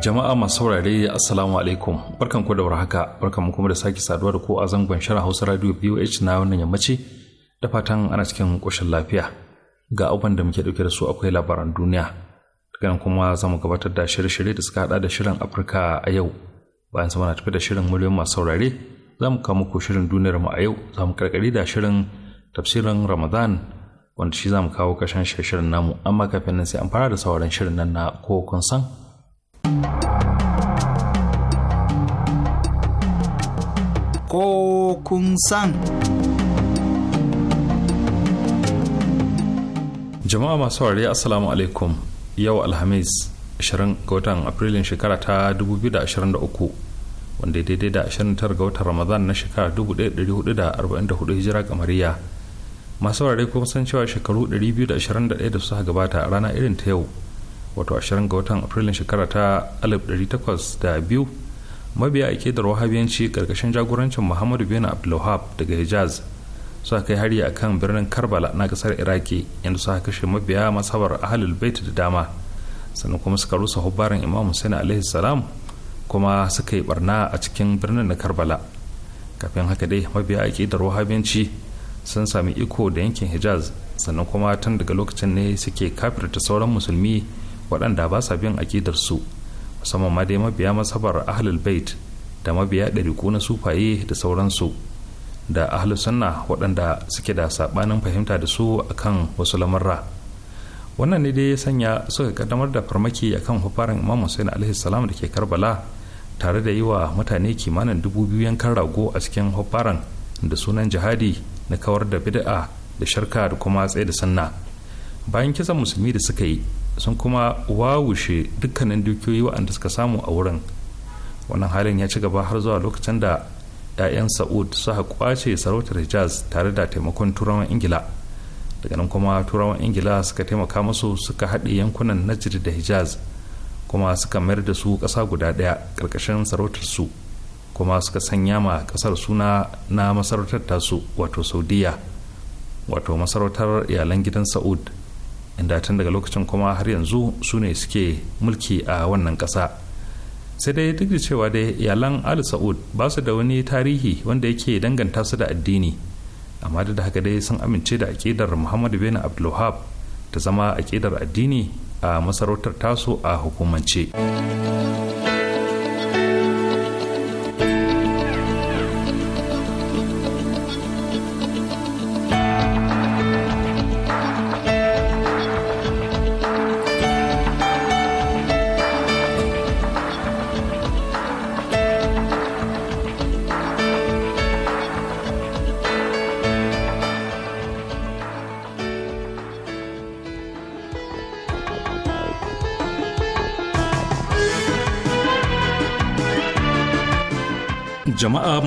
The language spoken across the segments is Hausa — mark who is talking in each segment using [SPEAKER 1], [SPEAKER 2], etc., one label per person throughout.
[SPEAKER 1] Jama'a masu saurare Assalamu alaikum barkan ku da warhaka barkan mu kuma da sake saduwa da ku a zangon shirin Hausa Radio BOH na wannan yammaci da fatan ana cikin koshin lafiya ga abubuwan da muke dauke da su akwai labaran duniya daga kuma za mu gabatar da shirye-shirye da suka hada da shirin Afirka a yau bayan sama na tafi da shirin miliyon masu saurare za mu kawo muku shirin duniyar mu a yau za mu karkari da shirin tafsirin Ramadan wanda shi za mu kawo kashin shirin namu amma kafin nan sai an fara da sauran shirin nan na ko kun san
[SPEAKER 2] Ko kun san.
[SPEAKER 1] Jama'a masu ware Assalamu alaikum yau Alhamis 20 ga watan Afrilun shekara ta 2023. wanda ya daidai da 29 ga watan ramadan na shekarar 1444 hijira kamariya masu ware kuma san cewa shekaru 221 da suka gabata a rana irin ta yau wato 20 ga watan afrilun shekara ta 1802 mabiya a da wahabiyanci karkashin jagorancin muhammadu bin abdulwahab daga hijaz su kai hari a kan birnin karbala na kasar iraki inda suka kashe mabiya masabar ahalul bait da dama sannan kuma suka rusa hubbaran imam hussein alaihi salam kuma suka yi barna a cikin birnin na karbala kafin haka dai mabiya a da wahabiyanci sun sami iko da yankin hijaz sannan kuma tun daga lokacin ne suke kafirta sauran musulmi waɗanda ba sa bin su musamman ma dai mabiya masabar ahlul bait da mabiya ɗariku na sufaye da sauransu da ahlul sunna waɗanda suke da saɓanin fahimta da su akan wasu lamarra wannan ne dai ya sanya suka kaddamar da farmaki akan hufarin imam hussein alaihi salam da ke karbala tare da yi wa mutane kimanin dubu biyu yankan rago a cikin hufaran da sunan jihadi na kawar da bid'a da sharka da kuma tsaye da sunna bayan kisan musulmi da suka yi sun kuma wawushe dukkanin dukiyoyi waɗanda suka samu a wurin wannan halin ya ci gaba har zuwa lokacin da 'ya'yan sa'ud suka kwace sarautar hijaz tare da taimakon turawan ingila daga nan kuma turawan ingila suka taimaka musu suka haɗe yankunan najir da hijaz kuma suka mayar da su ƙasa guda ɗaya ƙarƙashin sarautar su kuma suka sanya ma ƙasar suna na masarautar tasu wato saudiya wato masarautar iyalan gidan sa'ud inda tun daga lokacin kuma har yanzu su ne suke mulki a wannan ƙasa sai dai duk da cewa dai iyalan ali sa'ud ba su da wani tarihi wanda yake danganta su da addini amma da haka dai sun amince da aƙidar muhammadu bin abdulwahab ta zama aƙidar addini a masarautar tasu a hukumance.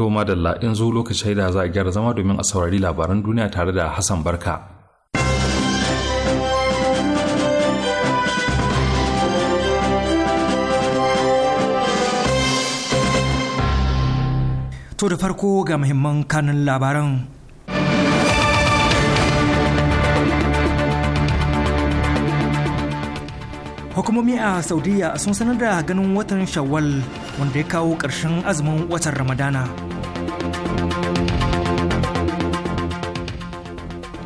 [SPEAKER 1] To madalla in zo lokacin shaida za a gyara zama domin a saurari labaran duniya tare da Hassan Barka.
[SPEAKER 3] To da farko ga muhimman kanin labaran hukumomi a saudiya sun sanar da ganin watan shawwal wanda ya kawo ƙarshen azumin watan ramadana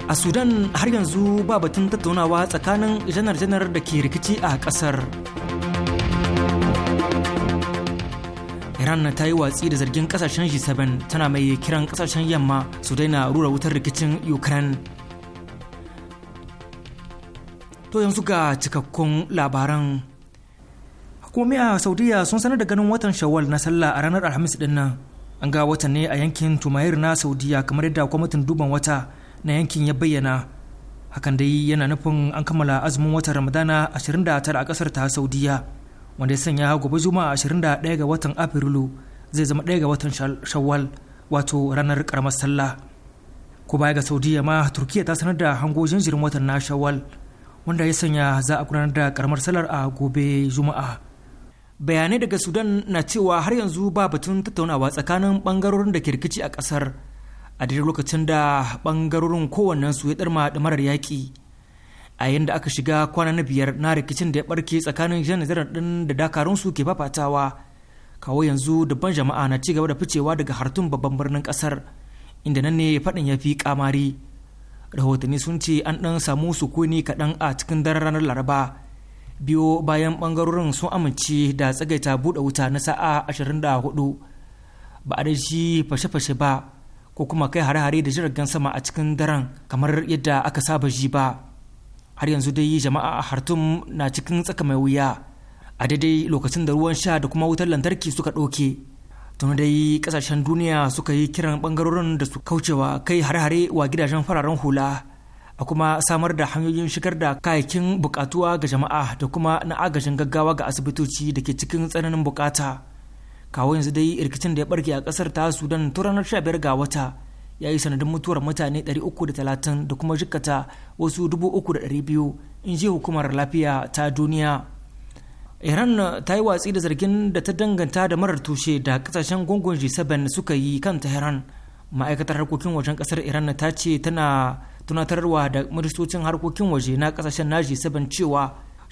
[SPEAKER 3] a sudan har yanzu ba batun tattaunawa tsakanin janar-janar da ke rikici a ƙasar iran ta yi watsi da zargin kasashen g7 tana mai kiran kasashen yamma su daina rura wutar rikicin ukraine to yanzu ga cikakkun labaran hukumomi a saudiya sun sanar da ganin watan shawwal na sallah a ranar alhamis din nan an ga watan ne a yankin tumayir na saudiya kamar yadda kwamitin duban wata na yankin ya bayyana hakan dai yana nufin an kammala azumin watan ramadana 29 a kasar ta saudiya wanda ya sanya gobe juma'a 21 ga watan afrilu zai zama ɗaya ga watan shawwal wato ranar karamar sallah ko baya ga saudiya ma turkiya ta sanar da hangojin jinjirin watan na shawwal wanda ya sanya za a gudanar da karamar salar a gobe juma'a bayanai daga sudan na cewa har yanzu ba batun tattaunawa tsakanin bangarorin da ke rikici a kasar a daidai lokacin da bangarorin su ya darma damarar yaƙi a yayin da aka shiga kwana na biyar na rikicin da ya barke tsakanin janar ɗin da dakarun su ke fafatawa kawo yanzu dubban jama'a na cigaba da ficewa daga hartun babban birnin kasar inda nan ne faɗin ya fi kamari rahotanni sun ce an ɗan samu sukuni kaɗan a cikin daren ranar laraba biyo bayan ɓangarorin sun amince da tsagaita buɗe wuta na sa'a 24 ba a da shi fashe-fashe ba ko kuma kai hare-hare da jiragen sama a cikin daren kamar yadda aka saba ji ba har yanzu dai jama'a a hartum na cikin tsaka mai wuya a daidai lokacin da ruwan sha da kuma wutar lantarki suka ɗauke. tuni dai kasashen duniya suka yi kiran bangarorin da su kaucewa kai hare-hare wa gidajen fararen hula a kuma samar da hanyoyin shigar da kayakin bukatuwa ga jama'a da kuma na agajin gaggawa ga asibitoci da ke cikin tsananin bukata kawo yanzu dai rikicin da ya barke a kasar ta sudan tun ranar 15 ga wata ya yi sanadin mutuwar mutane 330 da kuma jikata wasu 3,200 in ji hukumar lafiya ta duniya iran ta yi watsi da zargin da ta danganta da marar tushe da kasashen gungun g7 suka yi kan tehran ma'aikatar harkokin wajen kasar iran ta ce tana tunatarwa da ministocin harkokin waje na kasashen na g7 cewa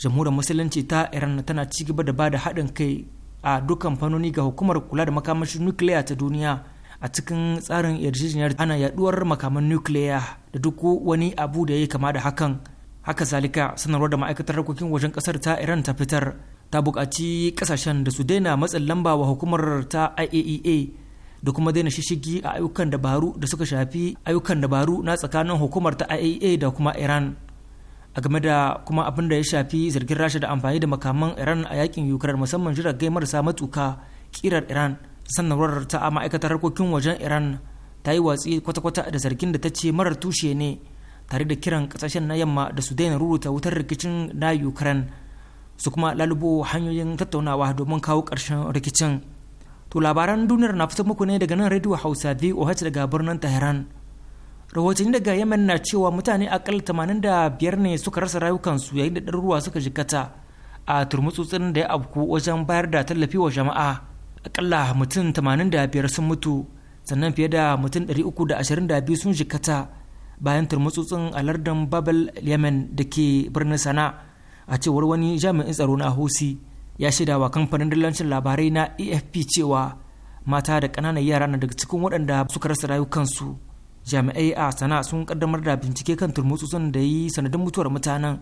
[SPEAKER 3] jamhuriyar musulunci ta iran tana ci gaba da bada haɗin kai a dukkan fannoni ga hukumar kula da makamashin nukiliya ta duniya a cikin tsarin yarjejeniyar ana yaduwar makaman nukiliya da duk wani abu da ya kama da hakan haka zalika sanarwar da ma'aikatar harkokin wajen kasar ta iran ta fitar ta buƙaci kasashen da su daina matsin lamba wa hukumar ta iaea e da kuma daina shishigi a ayyukan dabaru da suka shafi ayyukan dabaru na tsakanin hukumar ta iaea e da kuma iran a game da kuma abin da ya shafi zargin rasha da amfani da makaman iran a yakin ukraine musamman gai marasa matuka kirar iran sanarwar ta ma'aikatar harkokin wajen iran ta yi watsi kwata-kwata da zargin da ta ce marar tushe ne tare da kiran kasashen na yamma da su daina rubuta wutar rikicin na ukraine su kuma lalubo hanyoyin tattaunawa domin kawo ƙarshen rikicin to labaran duniyar na fito muku ne daga nan radio hausa voh daga birnin tehran rahotanni daga yemen na cewa mutane akal 85 ne suka rasa rayukansu yayin da ɗaruruwa suka jikata a turmutsutsin da ya abku wajen bayar da tallafi wa jama'a akalla mutum 85 sun mutu sannan fiye da mutum 322 sun jikata bayan turmutsutsin a lardin babel yemen da ke birnin sana'a a cewar wani jami'in tsaro na husi ya shaida wa kamfanin dillancin labarai na efp cewa mata da ƙananan yara na daga cikin waɗanda suka rasa rayukansu jami'ai a sana sun kaddamar da bincike kan turmutsutsun da yi sanadin mutuwar mutanen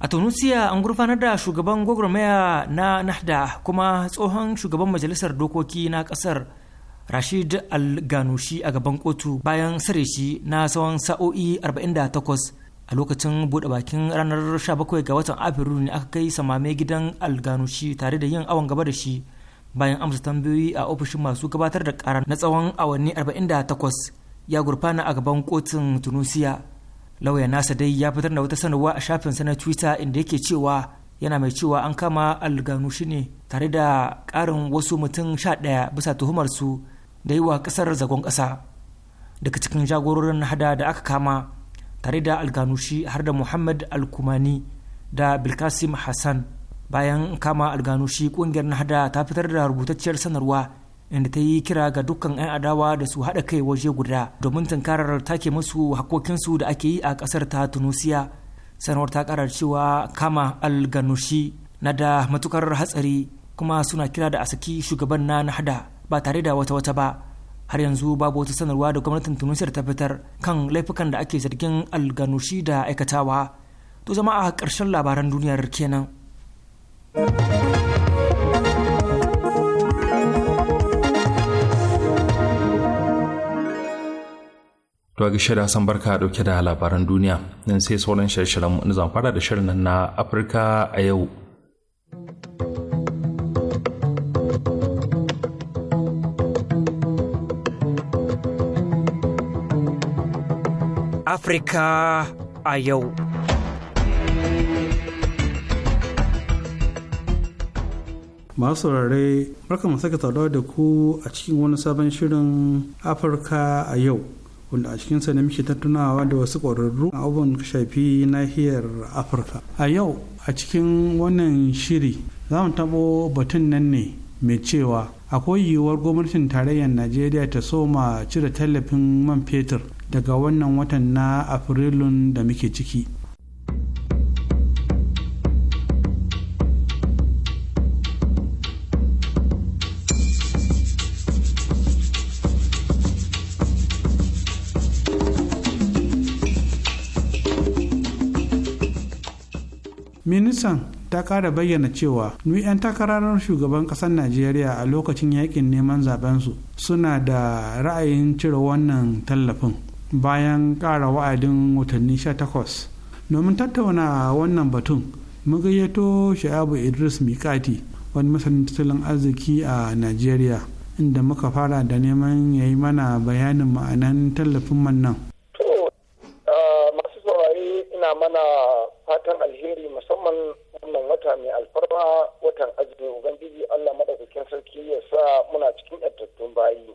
[SPEAKER 3] a tunisia an gurfanar da shugaban gwagwarmaya na nahda kuma tsohon shugaban majalisar dokoki na kasar rashid al-ganushi a gaban kotu bayan sare shi na tsawon sa'o'i 48 a lokacin buɗe bakin ranar 17 ga watan afrilu ne aka kai samame gidan alganushi tare da yin awon gaba da shi bayan amsa tambayoyi a ofishin masu gabatar da ƙara na tsawon awanni 48 ya gurfana a gaban kotun tunisia lauya nasa dai ya fitar da wata sanarwa a shafinsa na twitter inda yake cewa yana mai cewa an kama alganushi ne tare da ƙarin wasu mutum sha ɗaya bisa tuhumar su da yi wa ƙasar zagon ƙasa daga cikin jagororin hada da aka kama tare da alganushi har da muhammad alkumani da bilkasim hassan bayan kama alganushi kungiyar nahda ta fitar da rubutacciyar sanarwa inda ta yi kira ga dukkan 'yan adawa da su haɗa kai waje guda domin tunkarar take musu hakokinsu da ake yi a ƙasar ta tunusiya sanarwar ta ƙarar cewa kama alganushi na da matukar hatsari kuma suna kira da a saki shugaban na nahda ba tare da wata wata ba har yanzu babu wata sanarwa da gwamnatin tunisiya ta fitar kan laifukan da ake zargin alganushi da aikatawa to zama a karshen labaran duniyar kenan
[SPEAKER 1] To a gishiri san barka dauke da labaran duniya nan sai sauran shirye-shiryen mu na fara da shirin na Afirka a yau.
[SPEAKER 3] Afirka a yau.
[SPEAKER 2] Masu rare, barka mu saka saduwa da ku a cikin wani sabon shirin Afirka a yau. wanda a cikinsa ne muke tattunawa da wasu ƙwararru a abin shafi nahiyar afirka a yau a cikin wannan shiri za mu taɓo batun nan ne mai cewa akwai yiwuwar gwamnatin tarayyar najeriya ta soma cire tallafin man fetur daga wannan watan na afrilun da muke ciki ministan ta kara bayyana cewa nu 'yan takararar shugaban kasar najeriya a lokacin yakin neman zabensu suna da ra'ayin cire wannan tallafin bayan ƙara wa'adin watanni 18 domin tattauna wannan batun mun gayyato sha'abu idris mikati wani masanin tattalin arziki a najeriya inda muka fara da neman ya yi mana bayanin ma'anan tallafin man
[SPEAKER 4] masu saurari ina mana fatan alheri musamman wannan wata mai alfarma watan azumi ubangiji allah madaukakin sarki ya sa muna cikin yantattun bayi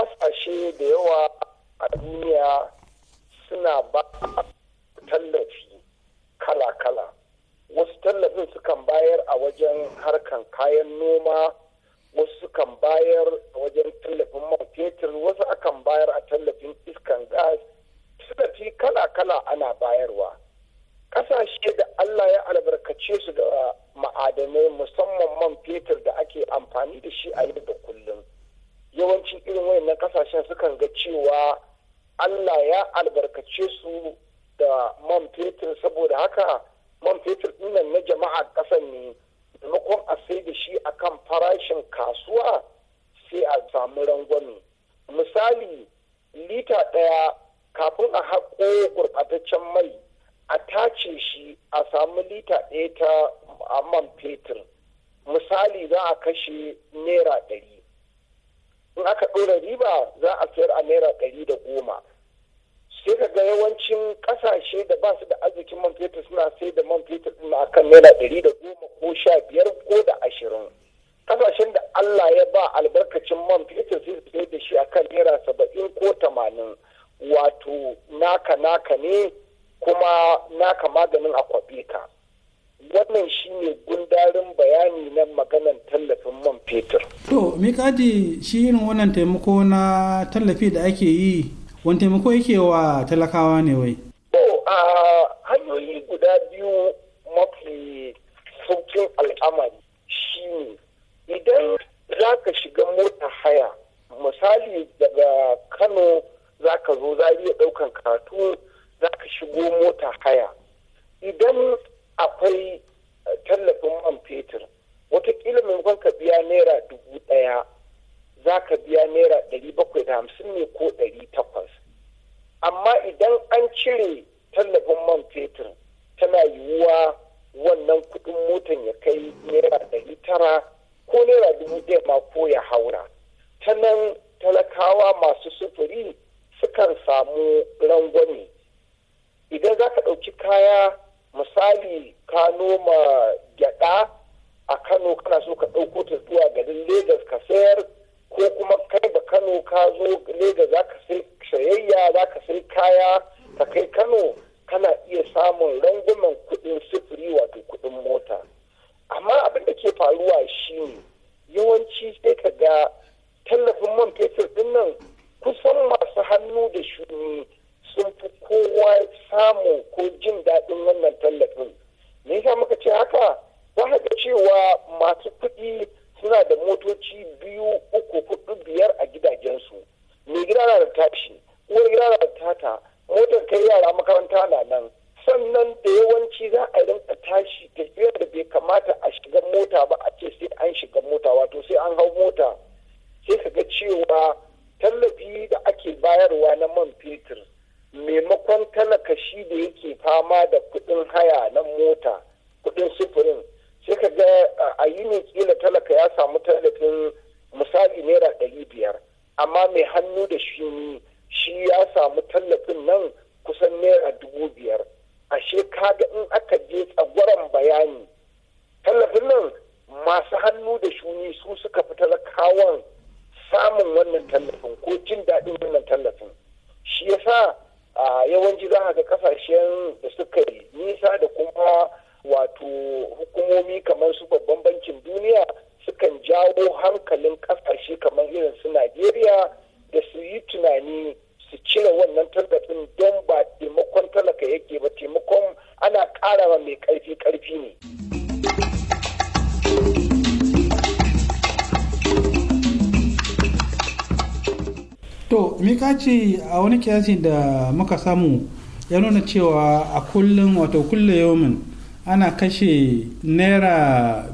[SPEAKER 4] kasashe da yawa a duniya suna ba tallafi kala-kala wasu tallafin sukan bayar a wajen harkan kayan noma wasu sukan bayar a wajen tallafin man fetur wasu akan bayar a tallafin iskan gas fi kala-kala ana bayarwa ƙasashe da allah ya albarkace su da ma'adanai musamman man fetur da ake amfani da shi a yau da kullum yawancin irin wayannan kasashen sukan ga cewa Allah ya albarkace su da man fetur saboda haka man fetur dinnan na jama'a kasan ne maimakon a sai da shi akan farashin kasuwa sai a samu rangwame misali lita ɗaya kafin a haƙo gurɓataccen mai a tace shi a samu lita ɗaya ta man fetur misali za a kashe naira ɗari in aka ɗora riba za a sayar a naira ɗari da goma sai ka ga yawancin ƙasashe da ba su da arzikin man fetur suna sai da man fetur ɗin a kan naira ɗari da goma ko sha biyar ko da ashirin ƙasashen da Allah ya ba albarkacin man fetur sai su da shi a kan naira saba'in ko tamanin wato naka naka ne
[SPEAKER 5] kuma
[SPEAKER 4] naka maganin a kwaɓe ka. wannan shi ne gundarin bayani na maganan tallafin man fetur.
[SPEAKER 2] To, Mikadi shi irin wannan taimako na tallafi da ake yi, wani taimako yake wa talakawa ne wai?
[SPEAKER 4] To, a hanyoyi guda biyu mafi saukin al'amari shi ne, idan za ka shiga mota haya, misali daga Kano za ka zo za iya ɗaukan karatu za ka shigo mota haya. Idan akwai eh, tallafin man fetur watakila maimakon ka biya naira dubu ɗaya za ka biya naira ɗari bakwai da hamsin ne ko ɗari takwas amma idan an cire tallafin man fetur tana yiwuwa wannan kuɗin motan ya kai naira ɗari tara ko naira dubu ɗaya ma ko ya haura ta nan talakawa masu sufuri sukan samu rangwame idan za ka ɗauki kaya misali ka noma gyada a kano kana so ka ɗauko ta zuwa garin Legas ka sayar ko kuma kai da kano ka zo Legas za ka sai sayayya za ka sai kaya ka kai kano kana iya samun rangunan kuɗin sufuri wato kuɗin mota amma abin da ke faruwa shi yawanci sai ka ga tallafin man fetur ɗin nan kusan masu hannu da shuni sun fi kowa samu ko jin daɗin wannan tallafin me yasa muka ce haka za ka ga cewa masu kuɗi suna da motoci biyu uku hudu biyar a gidajensu mai gida na da tashi uwar gida na da tata motar kai yara makaranta na nan sannan da yawanci za a rinka tashi tafiyar da bai kamata a shiga mota ba a ce sai an shiga mota wato sai an hau mota sai ka ga cewa tallafi da ake bayarwa na man fetur maimakon talaka shi da yake fama da kuɗin haya na mota kuɗin sufurin sai ka ga a yi ne kila talaka ya samu tallafin misali naira ɗari biyar amma mai hannu da shi shi ya samu tallafin nan kusan naira dubu biyar ashe kaga in aka je tsagwaron bayani tallafin nan masu hannu da shuni su suka fi talakawan samun wannan tallafin ko jin daɗin wannan tallafin shi yasa a yawanci za ga kasashen da suka yi nisa da kuma wato hukumomi kamar su babban bankin duniya sukan jawo hankalin kasashe kamar irin su najeriya da su yi tunani su cire wannan tallafin don ba taimakon talaka yake ba taimakon ana ƙara mai ƙarfi ƙarfi ne.
[SPEAKER 2] to mikaci a wani kiyasi da muka samu ya nuna cewa a kullum wato kulle yomin ana kashe naira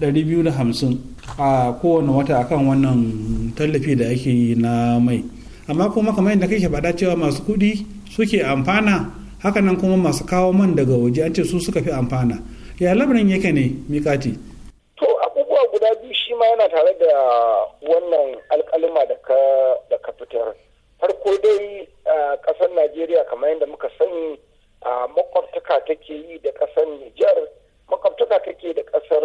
[SPEAKER 2] 250 a kowane wata akan wannan tallafi da ake yi na mai amma kuma kamar yadda kake faɗa cewa masu kuɗi suke amfana hakanan kuma masu kawo man daga waje an ce su suka fi amfana ya labarin yake ne mikati
[SPEAKER 4] ma yana tare da wannan alkalima da ka fitar farko dai kasar najeriya kamar yadda muka sani makwabtaka take yi da kasar nijar makwabtaka take da kasar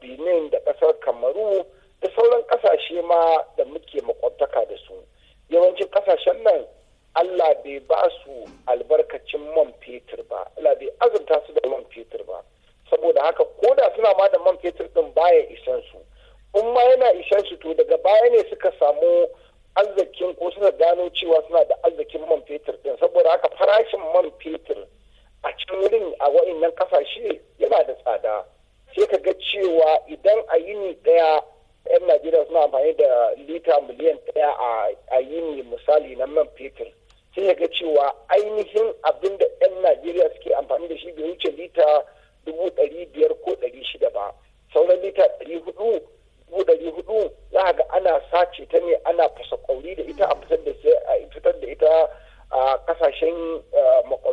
[SPEAKER 4] benin da kasar kamaru da sauran kasashe ma da muke makwabtaka da su yawancin kasashen nan allah bai ba su albarkacin man fetur ba allah bai azurta su da man fetur ba saboda haka ko da suna ma da man fetur din baya isan su in ma yana ishan su to daga baya ne suka samu arzikin ko suka gano cewa suna da arzikin man fetur din saboda haka farashin man fetur a cikin wurin a wa'annan kasashe yana da tsada sai ka ga cewa idan a yini daya yan najeriya suna amfani da lita miliyan daya a yini misali na man fetur sai ka ga cewa ainihin abin da yan najeriya suke amfani da shi bai wuce lita dubu ɗari biyar ko ɗari shida ba sauran lita ɗari hudu dubu ɗari hudu za ga ana sace ta ne ana fasa kwauri da ita a fitar da fitar da ita a kasashen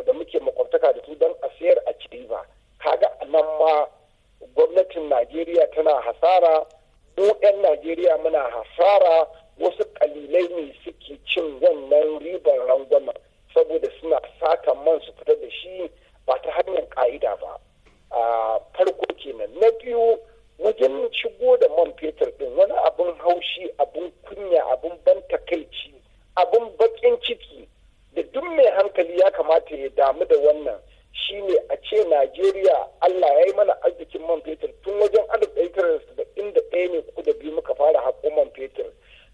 [SPEAKER 4] da muke makwabtaka da su don a sayar a ci riba kaga nan ma gwamnatin najeriya tana hasara mu 'yan najeriya muna hasara wasu kalilai ne suke cin wannan ribar rangwama saboda suna sata man su fitar da shi ba ta hanyar ka'ida ba a farko kenan na biyu wajen shigo da man fetur din wani abin haushi abin kunya abin ban takaici abin bakin ciki da duk mai hankali ya kamata ya damu da wannan shine a ce najeriya allah ya yi mana arzikin man fetur tun wajen alif ɗaya tara inda ɗaya ne da biyu muka fara haƙo man fetur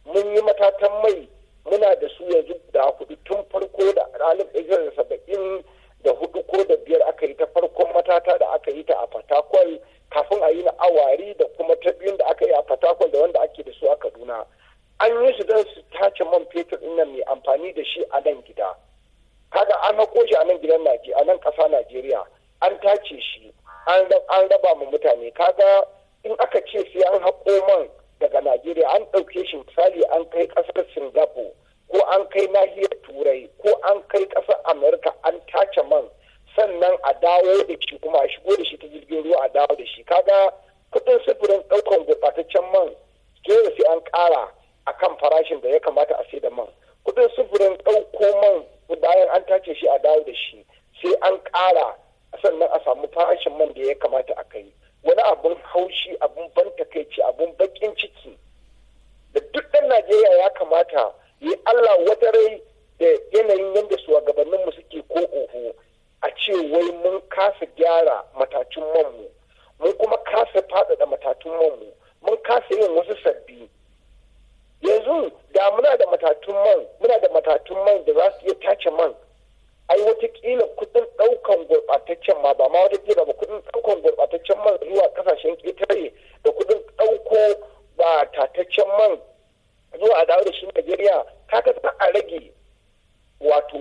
[SPEAKER 4] mun yi matatan mai muna da su yanzu da hudu tun farko da alif ɗaya da saba'in da hudu ko da biyar aka yi ta farkon matata da aka yi ta a fatakwal kafin a yi na awari da kuma ta biyun da aka yi a fatakwal da wanda ake da su a kaduna an yi su don su tace man fetur din nan mai amfani da shi a nan gida kaga an haƙo shi a nan gidan a nan ƙasa najeriya an tace shi an raba mu mutane kaga in aka ce sai an haƙo man daga najeriya an ɗauke shi misali an kai ƙasar singapore ko an kai nahiyar turai ko an kai ƙasar amurka an tace man sannan a dawo da shi kuma a shigo da shi ta jirgin ruwa a dawo da shi kaga kudin sufurin ɗaukan gurɓataccen man dole sai an ƙara a kan farashin da ya kamata a sai da man kudin sufurin ɗauko man bayan an tace shi a dawo da shi sai an ƙara sannan a samu farashin man da ya kamata a kai wani abun haushi abun ban takaici abun bakin ciki da duk ɗan najeriya ya kamata yi Allah wata rai da yanayin yadda shugabanninmu suke ko oho a ce wai mun kasa gyara matatun manmu mun kuma kasa fadada matatun manmu mun kasa yin wasu sabbi yanzu da muna da matatun man muna da matatun man da za su iya tace man ai watakila kudin daukan gurbataccen ma ba ma kila ba kudin daukan gurbataccen man zuwa kasashen ketare da kudin dauko ba tataccen man zo a dawo da shi Najeriya kaga za a rage wato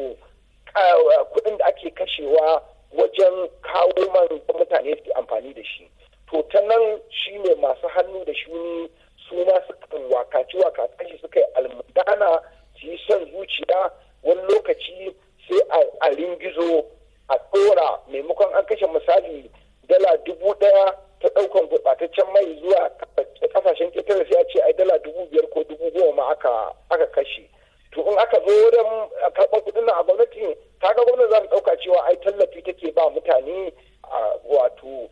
[SPEAKER 4] kuɗin da ake kashewa wajen kawo man mutane su amfani da shi to ta nan shi ne masu hannu da shuni su ma su wakaci wakaci suka yi almudana su yi son zuciya wani lokaci sai a ringizo a ɗora maimakon an kashe misali dala dubu ɗaya ta daukan gurbataccen mai zuwa kasashen ƙetare sai a ce ai dala dubu biyar ko dubu goma ma aka kashe to in aka zo wajen karɓar kuɗin nan a gwamnati ta ga gwamnati za ta ɗauka cewa ai tallafi take ba mutane wato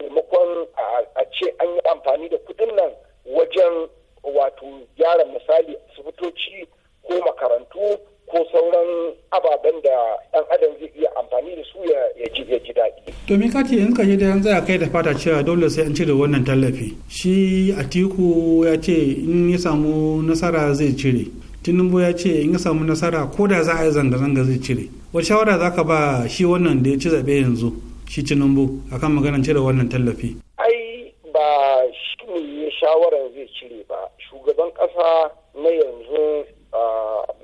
[SPEAKER 4] maimakon a ce an yi amfani da kuɗin nan wajen wato gyara misali asibitoci ko makarantu ko sauran ababen da ɗan adam zai iya amfani da su ya ji ya ji
[SPEAKER 2] daɗi. To me in ka yi da yanzu zaya kai da fata cewa dole sai an cire wannan tallafi. Shi Atiku ya ce in ya samu nasara zai cire. Tinubu ya ce in ya samu nasara ko da za a yi zanga-zanga zai cire. Wata shawara za ka ba shi wannan da ya ci zaɓe yanzu shi Tinubu a kan maganar cire wannan tallafi.
[SPEAKER 4] Ai ba shi ne shawarar zai cire ba. Shugaban ƙasa na yanzu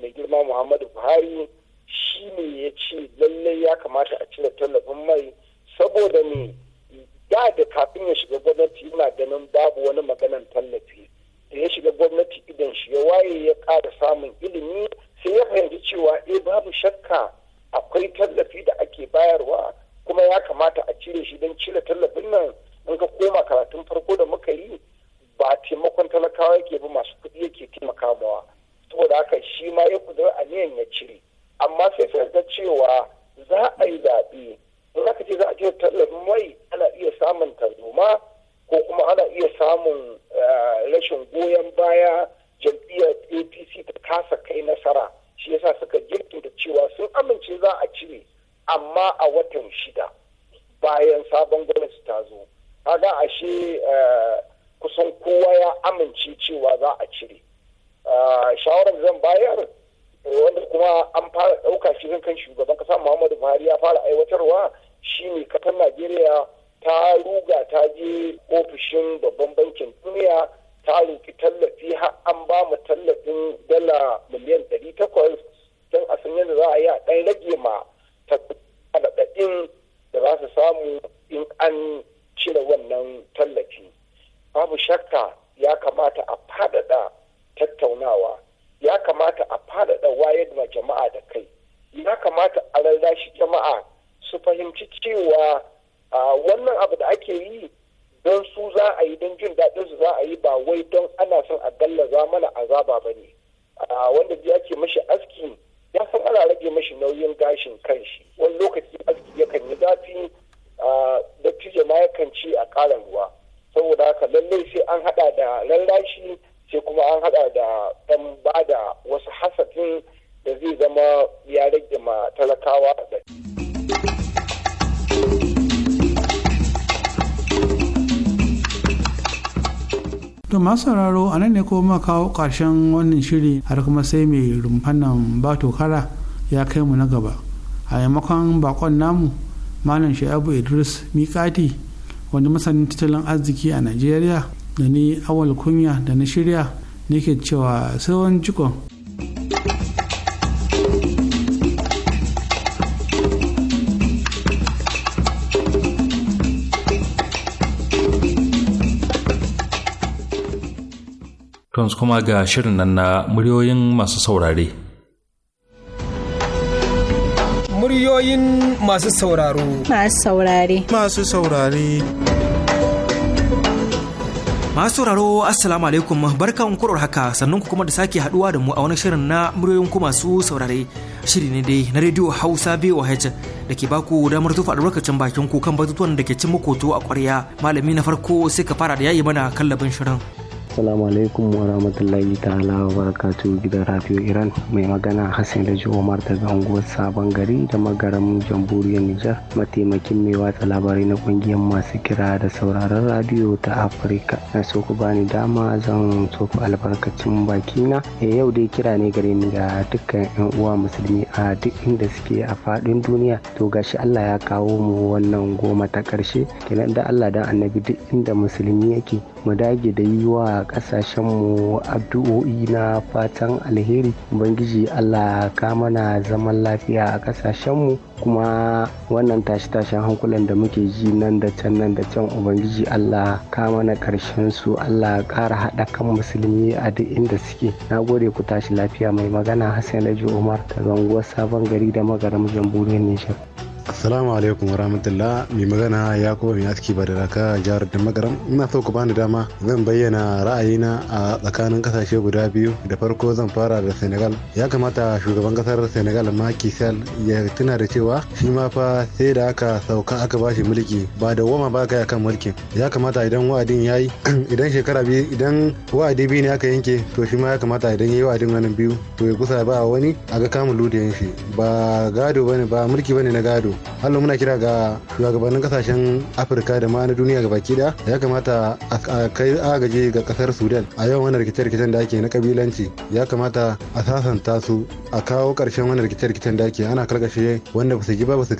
[SPEAKER 4] mai girma muhammadu buhari shi ne ya ce lallai ya kamata a cire tallafin mai saboda ne da da kafin ya shiga gwamnati yana ganin babu wani maganan tallafi da ya shiga gwamnati idan shi ya waye ya ƙara samun ilimi sai ya fahimci cewa eh babu shakka akwai tallafi da ake bayarwa kuma ya kamata a cire shi don cire tallafin nan in ka koma karatun farko da muka yi ba taimakon talakawa yake ba masu kuɗi yake taimakawa saboda haka shi ma ya kudura aniyan ya cire amma sai sai ga cewa za a yi zaɓe in aka ce za a cire tallafin mai ana iya samun tarzoma ko kuma ana iya samun eh, rashin goyon baya jam'iyyar apc ta kasa kai nasara shi yasa suka da cewa sun amince za a cire amma a watan shida bayan sabon gwamnati ta zo kaga ashe eh, kusan kowa ya amince cewa za a cire shawarar zan bayar wanda kuma an fara ɗauka shi zan kan shugaban kasa muhammadu buhari ya fara aiwatarwa shine kasar najeriya ta ruga ta je ofishin babban bankin duniya ta roƙi tallafi har an ba mu tallafin dala miliyan ɗari takwas don a san yadda za a yi a ɗan rage ma raɗaɗin da za su samu in an cire wannan tallafi babu shakka ya kamata a faɗaɗa tattaunawa ya kamata a faɗaɗa wayar da jama'a da kai ya kamata a rarrashi jama'a su fahimci cewa wannan abu da ake yi don su za a yi don jin daɗin su za a yi ba wai don ana son a gallaza mana azaba ba ne wanda ya ke mashi aski ya san ana rage mashi nauyin gashin kanshi wani lokaci aski yakan yi zafi da ma yakan ci a ƙara ruwa saboda haka lallai sai an haɗa da rarrashi sai kuma an hada da dan bada wasu hasafin da zai zama ya rage ma talakawa da
[SPEAKER 2] To masu sauraro a nan ne kuma kawo karshen wannan shiri har kuma sai mai rumfan nan ba tokara ya kai mu na gaba. A yammakon bakon namu Malam Sha'abu Idris Mikati wani masanin tattalin arziki a Najeriya da ni awal kunya da na shirya nake cewa sauran jikon
[SPEAKER 1] tons kuma ga shirin nan na muryoyin masu saurare.
[SPEAKER 6] Muryoyin masu sauraro. Masu saurare. Masu
[SPEAKER 3] saurare. Masu sauraro Assalamu alaikum barkan kurar haka sannan ku kuma da sake haduwa da mu a wani shirin na muryoyin ku masu saurare shiri ne dai na rediyo Hausa VOH da ke baku damar tufa albarkacin bakin ku kan batutuwan da ke cin makoto a ƙwarya malami na farko sai ka fara da yayi mana kallabin shirin.
[SPEAKER 6] Assalamu alaikum
[SPEAKER 7] wa rahmatullahi ta'ala wa barakatuh gidan Radio Iran mai magana Hassan Laji Omar daga unguwar Sabon Gari da magaram jamhuriyar Nijar mataimakin mai watsa labarai na kungiyar masu kira da sauraron radio ta Afirka. Na so ku bani dama zan so ku albarkacin na E eh, yau dai kira ne gare ni ga dukkan yan uwa musulmi a duk inda suke a fadin duniya. To gashi Allah ya kawo mu wannan goma ta karshe Kenan da Allah dan annabi duk inda musulmi yake mu dage da yi wa ƙasashenmu addu'o'i na fatan alheri ubangiji allah ka mana zaman lafiya a ƙasashenmu kuma wannan tashi-tashen hankulan da muke ji nan da can nan da can ubangiji allah ka mana ƙarshen su allah ƙara haɗa kan musulmi a duk inda suke na gode ku tashi lafiya mai magana hassan laji umar ta zanguwar sabon
[SPEAKER 8] gari da magaram jamhuriyar nishar Assalamu alaikum wa rahmatullah mai magana ya kuma mai aski ba da raka jihar da magaram ina so ku bani dama zan bayyana ra'ayina a tsakanin kasashe guda biyu da farko zan fara da Senegal ya kamata shugaban kasar Senegal Macky Sall ya tuna da cewa shi ma fa sai da aka sauka aka bashi mulki ba da wama ba ka kan mulkin ya kamata idan wa'adin yayi idan shekara biyu idan wa'adi biyu ne aka yanke to shi ma ya kamata idan yayi wa'adin wani biyu to ya kusa ba wani a ga kamun ludayen shi ba gado bane ba mulki bane na gado allah muna kira ga shugabannin kasashen afirka da ma na duniya ga baki da ya kamata a kai agaji ga kasar sudan a yawan wani rikice-rikicen da ake na kabilanci ya kamata a sasanta su a kawo karshen wani rikice-rikicen da ake ana karkashe wanda basu ji ba basu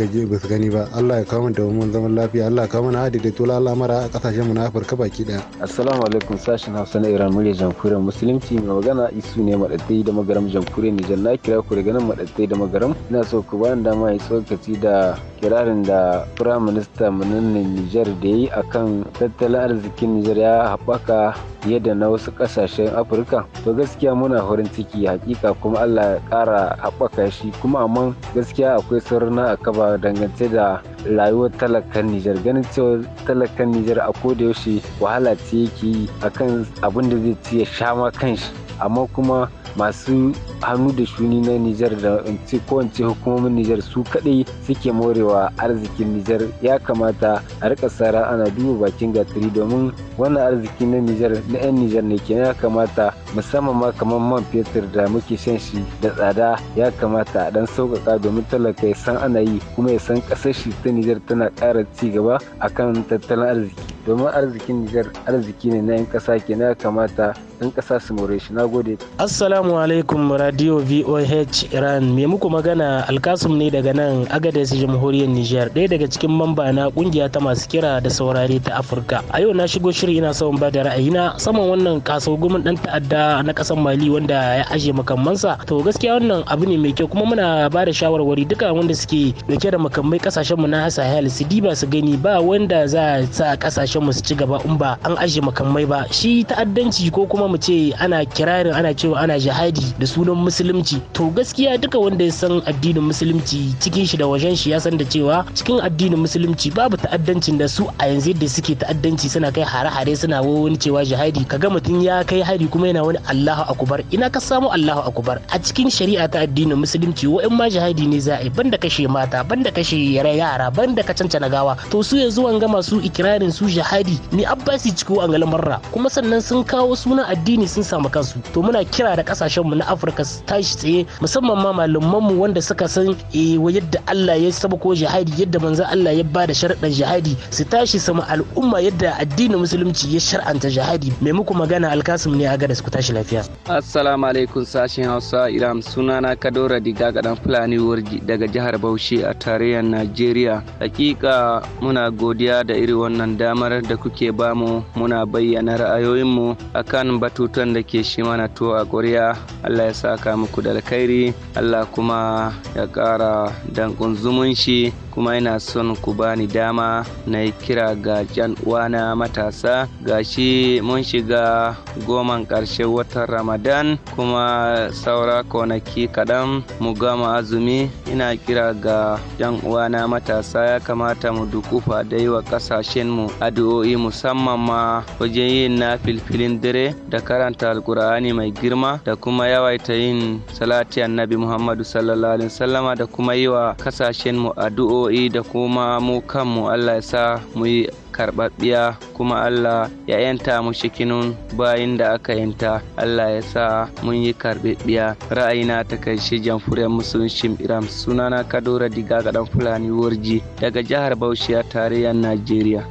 [SPEAKER 8] gani ba allah ya kawo da mun zaman lafiya allah ya kawo mana hadi da tola al'amara a kasashen mu na afirka baki daya
[SPEAKER 6] assalamu alaikum sashen hausa na iran murya jamhuriyar musulunci mai magana isu ne madaddai da magaram jamhuriyar nijar na kira ku daga nan madaddai da magaram ina so ku bani dama yi tsokaci da da kirarin da minista ministan Nijar da yi a kan tattalin arzikin Nijar ya haɓaka fiye da na wasu ƙasashen Afirka. To gaskiya muna horin ciki hakika kuma Allah ya ƙara haɓaka shi kuma amma gaskiya akwai saurana a kaba dangance da rayuwar talakan Nijar ganin cewa talakan Nijar a koda yaushe wahala ce yake yi akan abin da zai ci ya sha ma kanshi amma kuma masu hannu da shuni na Nijar da ce hukumomin Nijar su kadai suke morewa arzikin Nijar ya kamata a rika sara ana duba bakin gatari domin wannan arziki na Nijar na 'yan Nijar ne kenan ya kamata musamman ma kamar man fetur da muke shan shi da tsada ya kamata a dan sauƙaƙa domin talaka ya san ana yi kuma ya san ƙasar shi ta Nijar tana ƙara ci gaba akan tattalin arziki domin arzikin Nijar arziki ne na 'yan ƙasa kenan ya kamata ɗan ƙasa su more shi na gode
[SPEAKER 9] assalamu alaikum radio voh iran me muku magana alkasum ne daga nan agadez jamhuriyar niger ɗaya daga cikin mamba na ƙungiya ta masu kira da saurare ta afirka a yau na shigo shiri ina son ba da ra'ayina saman wannan kasogumin ɗan ta'adda na ƙasar mali wanda ya aje makamansa to gaskiya wannan abu ne mai kyau kuma muna ba da shawarwari duka wanda suke dauke da makamai kasashen mu na sahel su diba su gani ba wanda za a sa kasashen mu su ci gaba in ba an aje makamai ba shi ta'addanci ko kuma kuma mu ce ana kirarin ana cewa ana jihadi da sunan musulunci to gaskiya duka wanda ya san addinin musulunci cikin shi da wajen shi ya san da cewa cikin addinin musulunci babu ta'addancin da su a yanzu da suke ta'addanci suna kai hare-hare suna wani cewa jihadi kaga mutum ya kai hari kuma yana wani Allahu akubar ina ka samu Allahu akubar a cikin shari'a ta addinin musulunci wa'in ma jihadi ne za a yi banda kashe mata banda kashe yara banda ka cancana gawa to su yanzu gama masu ikirarin su jihadi ni abbasi ciko an marra kuma sannan sun kawo sunan addini sun samu kansu to muna kira da kasashen mu na afirka su tashi tsaye musamman ma malaman mu wanda suka san eh, yadda allah ya saba jihadi yadda manzo allah ya bada da sharaɗin jihadi su tashi sama al'umma yadda addinin musulunci ya shar'anta jihadi mai muku magana alkasim ne a gadas ku tashi lafiya
[SPEAKER 5] assalamu alaikum sashen hausa iram sunana kadora diga gadan fulani warji daga jihar bauchi a tarayyar najeriya hakika muna godiya da iri wannan damar da kuke bamu muna bayyana ra'ayoyinmu akan batutuwan da ke shi mana to a ƙuri'a. allah ya saka muku da alkhairi allah kuma ya ƙara danƙun zumunci kuma ina son ku bani dama na yi kira ga jan uwana matasa gashi mun shiga goman ƙarshen watan ramadan kuma saura kwanaki kaɗan mu gama azumi ina kira ga jan uwana matasa ya kamata mu dukufa da yi wa ƙasashenmu addu'o'i musamman ma wajen yin na filfilin dare da karanta alkur'ani mai girma da kuma yawaita yin salati annabi muhammadu sallallahu alaihi wasallama da kuma yi wa kasashen mu addu'o'i da kuma mu kanmu allah ya sa mu yi karɓaɓɓiya kuma Allah ya yanta mu shikinun bayin da aka yanta Allah ya sa mun yi karɓaɓɓiya ra'ayina ta kai shi jamhuriyar musulunci Iram sunana Kadora Diga gaɗan Fulani Warji daga jihar Bauchi a tarayyar Najeriya.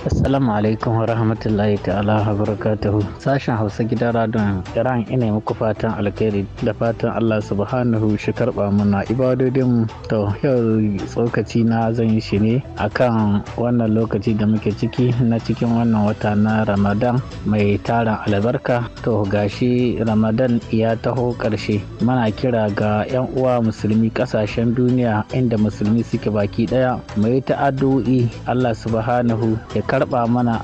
[SPEAKER 10] Assalamu alaikum wa rahmatullahi ta'ala wa barakatuhu. Sashen Hausa gidan radon Iran ina muku fatan alkhairi da fatan Allah subhanahu shi karba muna ibadodin to yau tsokaci na zan yi shi ne akan wannan lokaci da muke ciki na cikin wannan wata na Ramadan mai tarin albarka to gashi Ramadan ya taho karshe mana kira ga yan uwa musulmi kasashen duniya inda musulmi suke baki daya mai ta'addu'i Allah subhanahu ya karɓa mana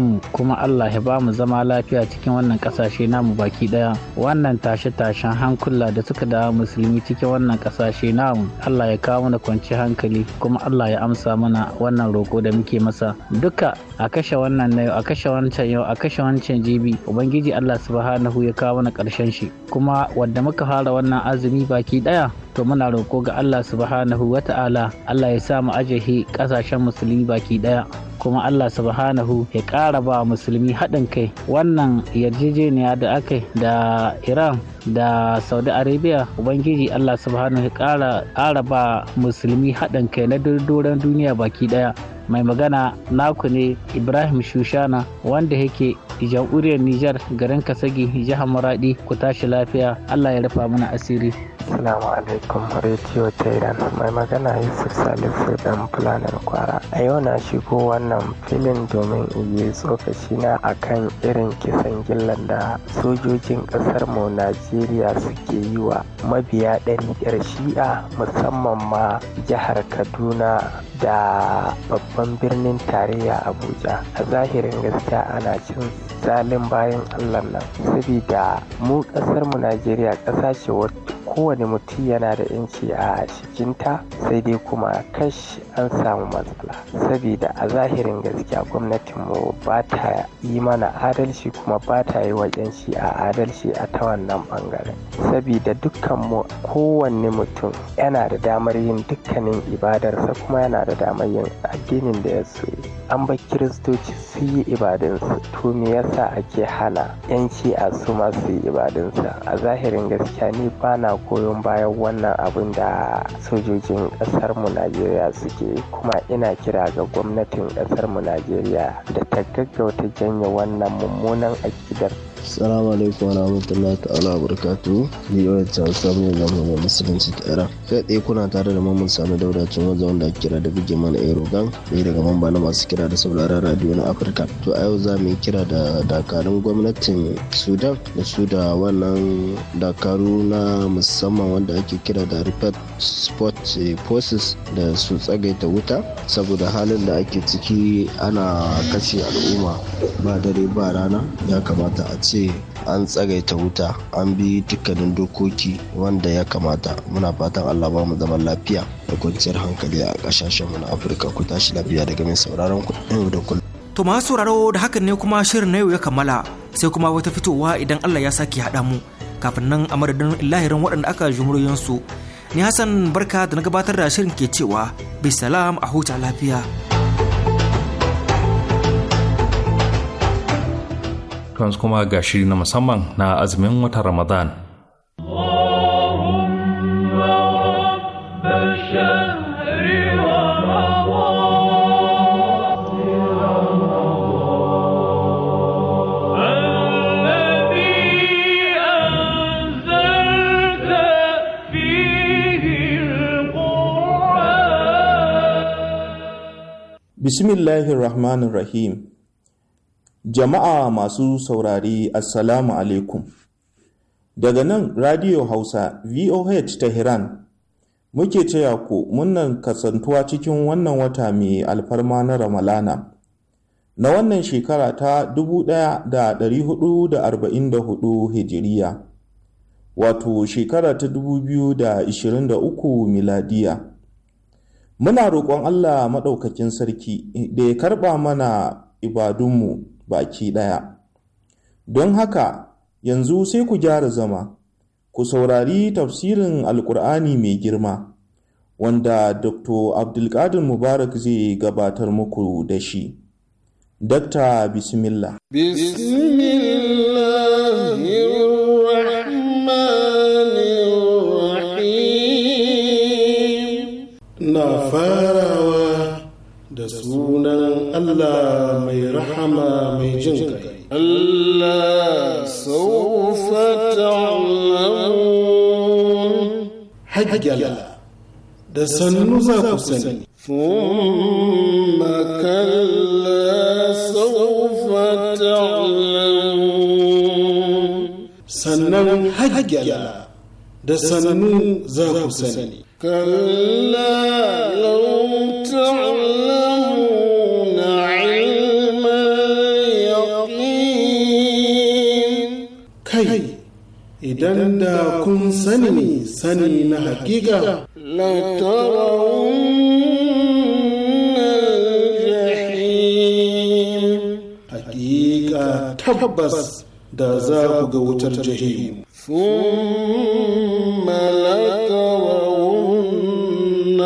[SPEAKER 10] mu kuma Allah ya ba mu zama lafiya cikin wannan kasashe namu baki ɗaya. Wannan tashe-tashen hankula da suka da musulmi cikin wannan kasashe namu Allah ya kawo mana kwanci hankali kuma Allah ya amsa mana wannan roko da muke masa. Duka a kashe wannan na yau a kashe wancan yau a kashe wancan jibi Ubangiji Allah subhanahu ya kawo mana karshen shi kuma wadda muka fara wannan azumi baki ɗaya to muna roko ga Allah subhanahu wata'ala Allah ya sa mu ajiye kasashen musulmi baki ɗaya kuma Allah subhanahu ya ƙara ba musulmi haɗin kai wannan yarjejeniya da aka da Iran da Saudi Arabia Ubangiji Allah subhanahu ya ƙara ba musulmi haɗin kai na doron duniya baki ɗaya mai magana naku ne ibrahim shushana wanda yake jamhuriyar nijar garin kasagi jihar maradi ku tashi lafiya allah ya rufa mana asiri Assalamu
[SPEAKER 7] alaikum Radio Tehran mai magana Yusuf Salisu dan fulanar kwara. A yau na shigo wannan filin domin in yi tsokaci na akan irin kisan gillan da sojojin kasar mu Najeriya suke yi wa mabiya ɗari shi'a musamman ma jihar Kaduna da babban babban birnin tarayya abuja a zahirin gaskiya ana cin zalin bayan allah nan sabida mu kasar mu najeriya ƙasa ce wadda kowane mutum yana da yanci a cikinta sai dai kuma kash an samu matsala saboda a zahirin gaskiya gwamnatinmu ba ta yi mana adalci kuma ba ta yi wa yanci a adalci a ta wannan bangaren saboda dukkanmu kowanne mutum yana da damar yin dukkanin ibadarsa kuma yana da damar yin addinin da ya so an bar kiristoci su yi ibadinsu to me yasa ake hana yan a su masu yi ibadinsu a zahirin gaskiya ni ba na koyon bayan wannan abin da sojojin ƙasar mu najeriya suke kuma ina kira ga gwamnatin ƙasar mu najeriya da ta gaggauta janye wannan mummunan aƙidar Salamu alaikum wa rahmatullahi ta'ala wa barakatu. Ni yau ta samu ne musulunci ta era. Kai ɗaya kuna tare da mamman sami daura cin wanzu wanda kira da buge mana Erogan. ne daga mamba na masu kira da sauraron radiyo na Afirka. To a yau za mu yi kira da dakarun gwamnatin Sudan da su da wannan dakaru na musamman wanda ake kira da Report Sport Forces da su tsagaita wuta saboda halin da ake ciki ana kashe al'umma ba dare ba rana ya kamata a ci ce an tsagaita wuta an bi dukkanin dokoki wanda ya kamata muna fatan allah ba mu zaman lafiya da kwanciyar hankali a mu na afirka ku tashi lafiya daga mai sauraron ku yau da
[SPEAKER 3] kullum To masu sauraro da hakan ne kuma shirin na yau ya kammala sai kuma wata fitowa idan Allah ya sake haɗa mu kafin nan a madadin lahirin waɗanda aka jumuriyansu. Ni Hassan barka da na gabatar da shirin ke cewa bisalam a huta lafiya.
[SPEAKER 1] kansu kuma ga shiri na musamman na azumin watan ramadan
[SPEAKER 11] rahim. Jama'a masu saurari Assalamu alaikum. Daga nan Radio Hausa VOH Tehran muke cewa ku munnan kasantuwa cikin wannan wata mai alfarma na Ramalana. Na wannan shekara ta 1444 Hijiriya, wato shekara ta 2023 miladiya. Muna roƙon Allah Maɗaukakin Sarki da ya karɓa mana ibadunmu baki ɗaya. Don haka yanzu sai ku gyara zama, ku saurari tafsirin Alƙur'ani mai girma, wanda Dr. Abdulkadir Mubarak zai gabatar muku da shi. Dakta Bismillah.
[SPEAKER 10] Bismillah.
[SPEAKER 12] na farawa da sunan Allah mai rahama ألا سوف تعلمون حجلا
[SPEAKER 2] دسنوزا كسني
[SPEAKER 6] ثم كلا سوف تعلمون
[SPEAKER 10] سنن
[SPEAKER 12] حجلا دسنوزا كسني
[SPEAKER 6] كلا لو تعلمون
[SPEAKER 12] idan da kun sani sani na hakika hakika tabbas da za ku ga wutar jahim ثم لترونها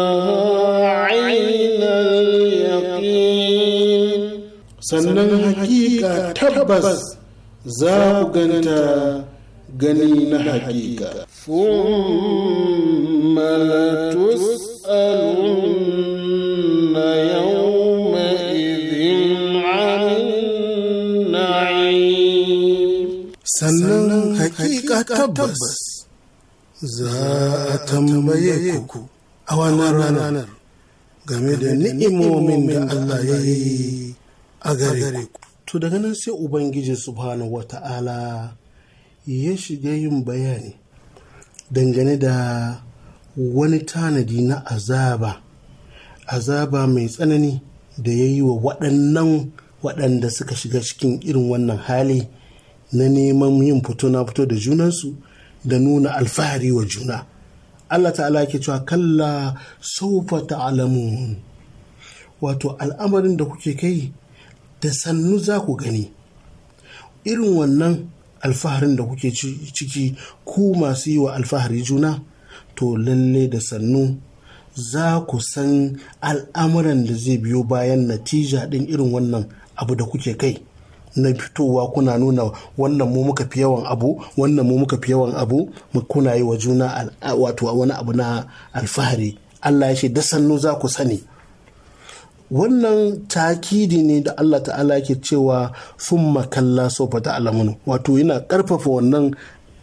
[SPEAKER 12] عين اليقين sannan hakika tabbas za ku ganta gani na hakika. Sannan hakika tabbas za a tambaye ku a wannan ranar game da ni'imomin da Allah ya yi a gare ku. To daga nan sai Ubangiji Subhanahu wa ta'ala ya shiga yin bayani dangane da wani tanadi na azaba azaba mai tsanani da ya yi wa waɗannan waɗanda suka shiga cikin irin wannan hali na neman yin fito na fito da junansu da nuna alfahari wa juna Allah ta'ala ke cewa kalla saufa ta'alamun wato al'amarin da kuke kai da sannu za ku gani irin wannan alfaharin da kuke ciki ku masu yi wa alfahari juna to lalle da sannu za ku san al'amuran da zai biyo bayan natija ɗin irin wannan abu da kuke kai na fitowa kuna nuna wannan mu muka fi yawan abu wannan mu muka fi yawan abu kuna yi wa juna wato wani abu na alfahari Allah ya ce da sannu za ku sani wannan takidi ne da Allah ta'ala ke cewa sun makalla sofa ta wato yana karfafa wannan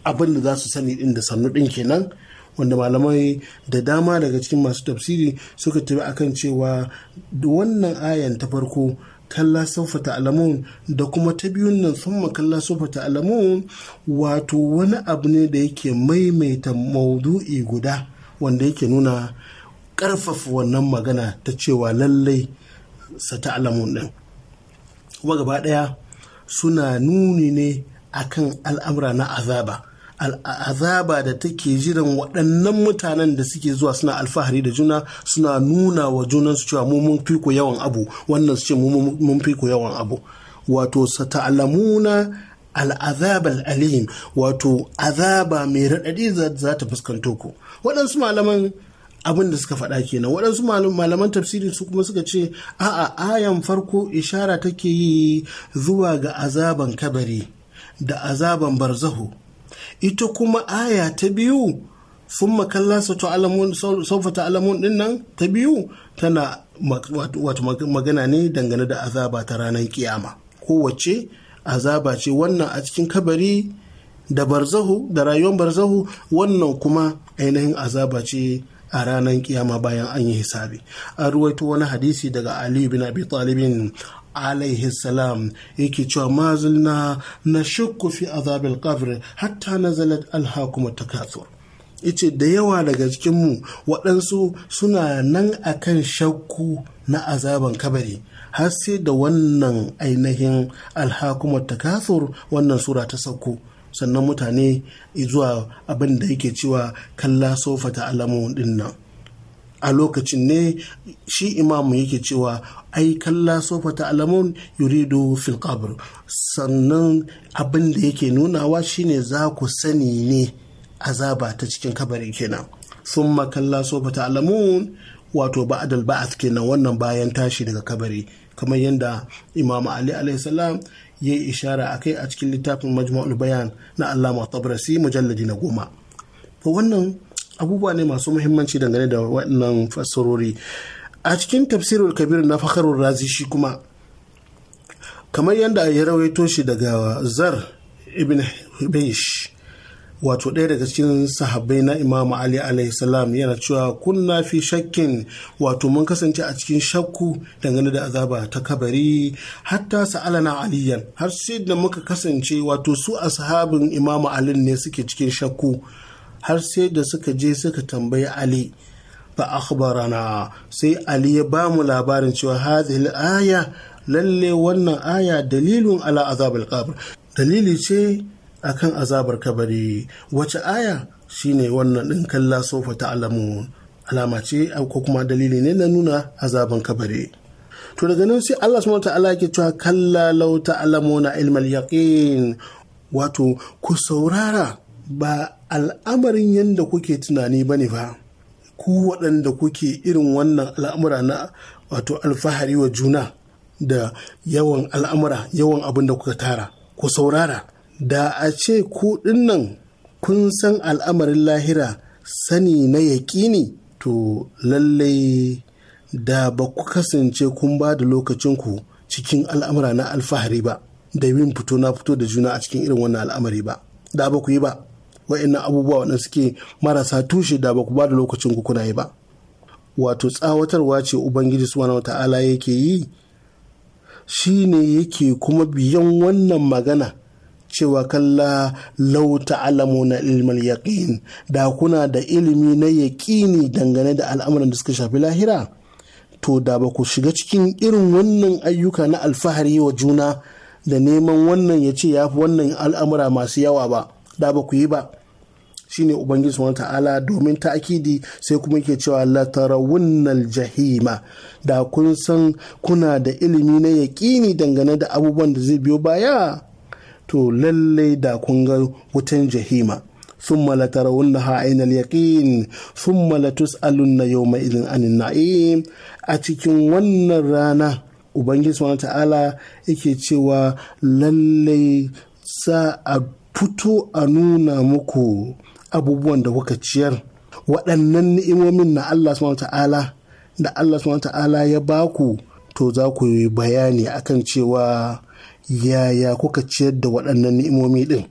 [SPEAKER 12] abin da za su sani din da sannu din kenan wanda malamai da dama daga cikin masu tafsiri suka tafi akan cewa wannan ayan ta farko kalla sofa ta alamun da kuma ta biyun nan sun makalla sofa ta alamun wato wani abu ne da yake maimaita maudu'i guda wanda yake nuna ƙarfafa wannan magana ta cewa lallai ta alamun ɗin kuma gaba ɗaya suna nuni ne akan al'amura na azaba alazaba da take jiran waɗannan mutanen da suke zuwa suna alfahari da juna suna nuna wa junansu cewa mu mun fiko yawan abu wannan su ce mu mun fiko yawan abu wato sata'alamuna al'azabal al'alim wato azaba mai raɗaɗi za ta fuskanto ku waɗansu malaman abin da suka faɗa kenan waɗansu malaman tafsirin su kuma suka ce a'a ayan farko ishara take yi zuwa ga azaban kabari da azaban barzahu ita kuma aya ta biyu sun makalla saufa ta'alamun din nan ta biyu tana wato magana ne dangane da azaba ta ranar kiyama kowace azaba ce wannan a cikin kabari da barzahu da rayuwar barzahu wannan kuma ainihin azaba ce a ranar kiyama bayan an yi hisabi an ruwaito wani hadisi daga aliyu bin abi talibin alaihi salam yake cewa mazulna na shukku fi azabil qabr hatta nazalat ta takathur yace da yawa daga cikinmu waɗansu suna nan akan shakku na azaban kabari har sai da wannan ainihin alhakumar takathur wannan sura ta sauko sannan mutane zuwa abin da yake cewa kalla sofa ta alamu dinnan a lokacin ne shi imamu yake cewa ai kalla sofa ta alamun yuridu fil sannan abin da yake nunawa shine za ku sani ne azaba ta cikin kabarin kenan summa kalla sofa ta alamun wato ba'dal ba'ath kenan wannan bayan tashi daga kabari kamar yadda imamu ali alaihi ya yi ishara a kai a cikin littafin majmu'ul bayan na allama tabrasi mujalladi na goma to wannan abubuwa ne masu muhimmanci dangane da waɗannan fassarori a cikin tafsirul kabir na fakharul razi shi kuma kamar yadda ya rawaito shi daga zar ibn hubaysh wato ɗaya daga cikin sahabbai na imamu ali alaihi salam yana cewa kunna fi shakkin wato mun kasance a cikin shakku dangane da azaba ta kabari hatta sa'alana aliyan har sai da muka kasance wato su ashabin imamu ali ne suke cikin shakku har sai da suka je suka tambayi ali ba akhbarana sai ali ya ba mu labarin cewa hadhihi aya lalle wannan aya dalilun ala azabil qabr dalili ce akan azabar kabari wace aya shine wannan ɗin kalla sofa ta alamu alama ce ko kuma dalili ne na nuna azaban kabari to daga nan sai Allah subhanahu ta'ala yake cewa kalla law ta'lamuna ilmal yaqin wato ku saurara ba al'amarin yadda kuke tunani bane ba ku waɗanda kuke irin wannan al'amura na wato alfahari wa juna da yawan al'amura yawan abin da kuka tara ku saurara da a ce kuɗin nan kun san al'amarin lahira sani na yaƙini to lallai da ba ku kasance kun ba da lokacinku cikin al'amura na alfahari ba da yin fito na fito da juna a cikin irin wannan al'amari ba da ba ku yi ba wa'annan abubuwa waɗanda suke marasa tushe da ba ku ba da lokacinku kuna yi ba wato tsawatarwa ce ubangiji wata ta'ala yake yi shi ne yake kuma biyan wannan magana cewa kalla lau na ilmin yaqin da kuna da ilimi na yaƙini dangane da al'amuran da suka shafi lahira to da ba ku shiga cikin irin wannan ayyuka na alfahari wa juna da neman wannan ya ce ya fi wannan al'amura masu yawa ba da ba ku yi ba shine ubangiji subhanahu ta'ala domin ta'akidi sai kuma yake cewa latarawunnan jahima da kun san kuna da ilimi na yaƙini dangane da abubuwan da zai biyo baya to lallai da kun ga wutan jahima ثم لترونها عين اليقين ثم A يومئذ عن a cikin wannan rana, Ubangiji subhanahu ta'ala yake cewa lallai za a fito a nuna muku abubuwan da kuka ciyar waɗannan ni'imomin na Allah subhanahu ta'ala da Allah subhanahu ta'ala ya baku to za ku yi bayani akan cewa yaya kuka ciyar da waɗannan ni'imomi ɗin